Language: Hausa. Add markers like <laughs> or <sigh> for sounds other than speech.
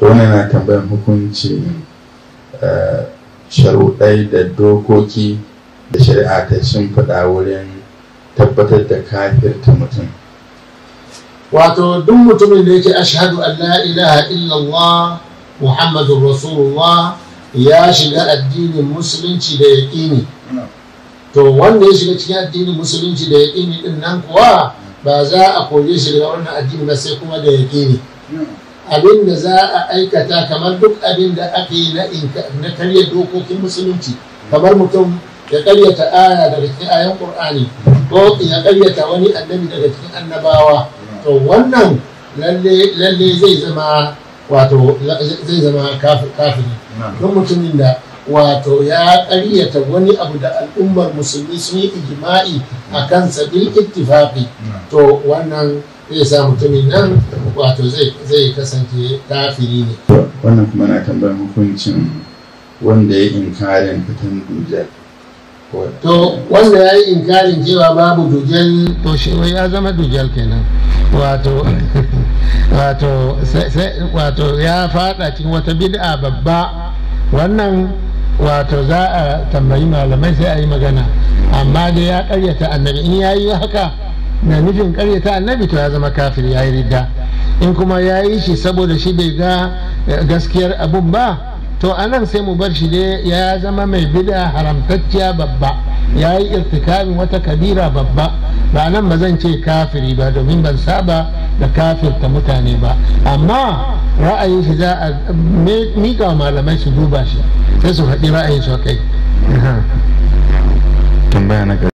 to na tambayan hukunci eh, sharuɗai da dokoki da shari'a ta faɗa wurin tabbatar da kafirta mutum wato duk mutumin da yake ashadu an la ilaha illallah muhammadun rasulullah ya shiga addinin musulunci da yaƙini to wanda ya shiga cikin addinin musulunci da yaƙini din nan kuwa ba za a koyi shi daga wannan addini ba sai kuma da yaƙini abin da za a aikata kamar duk abin da aka yi na karya dokokin musulunci kamar mutum ya karyata aya daga cikin ayan qur'ani ko ya karyata wani annabi daga cikin annabawa to wannan lalle zai zama wato zai zama kafiri don mutumin da wato ya ƙaryata wani abu da al'ummar musulmi sun yi ijima'i a kansa bil ittifaqi to wannan zai sa mutumin nan wato zai kasance kafiri ne wannan kuma na tambayar hukuncin wanda ya inkarin fitan dujal to wanda ya yi inkarin cewa babu dujal to shi ya zama dujal kenan wato <laughs> wato ya fada cikin wata bid'a babba wannan wato za a tambayi malamai sai a yi magana amma da ya karyata annabi in ya yi haka na nufin karyata annabi to ya zama kafin ya yi ridda in kuma ya yi shi saboda shi bai ga eh, gaskiyar abun ba to anan sai mu bar shi dai ya zama mai bida haramtacciya babba ya yi irtikabin wata kabira babba ba nan ba zan ce kafiri ba domin ban saba da kafirta mutane ba amma ra'ayin shi za a wa malamai su duba shi sai su faɗi ra'ayin su kai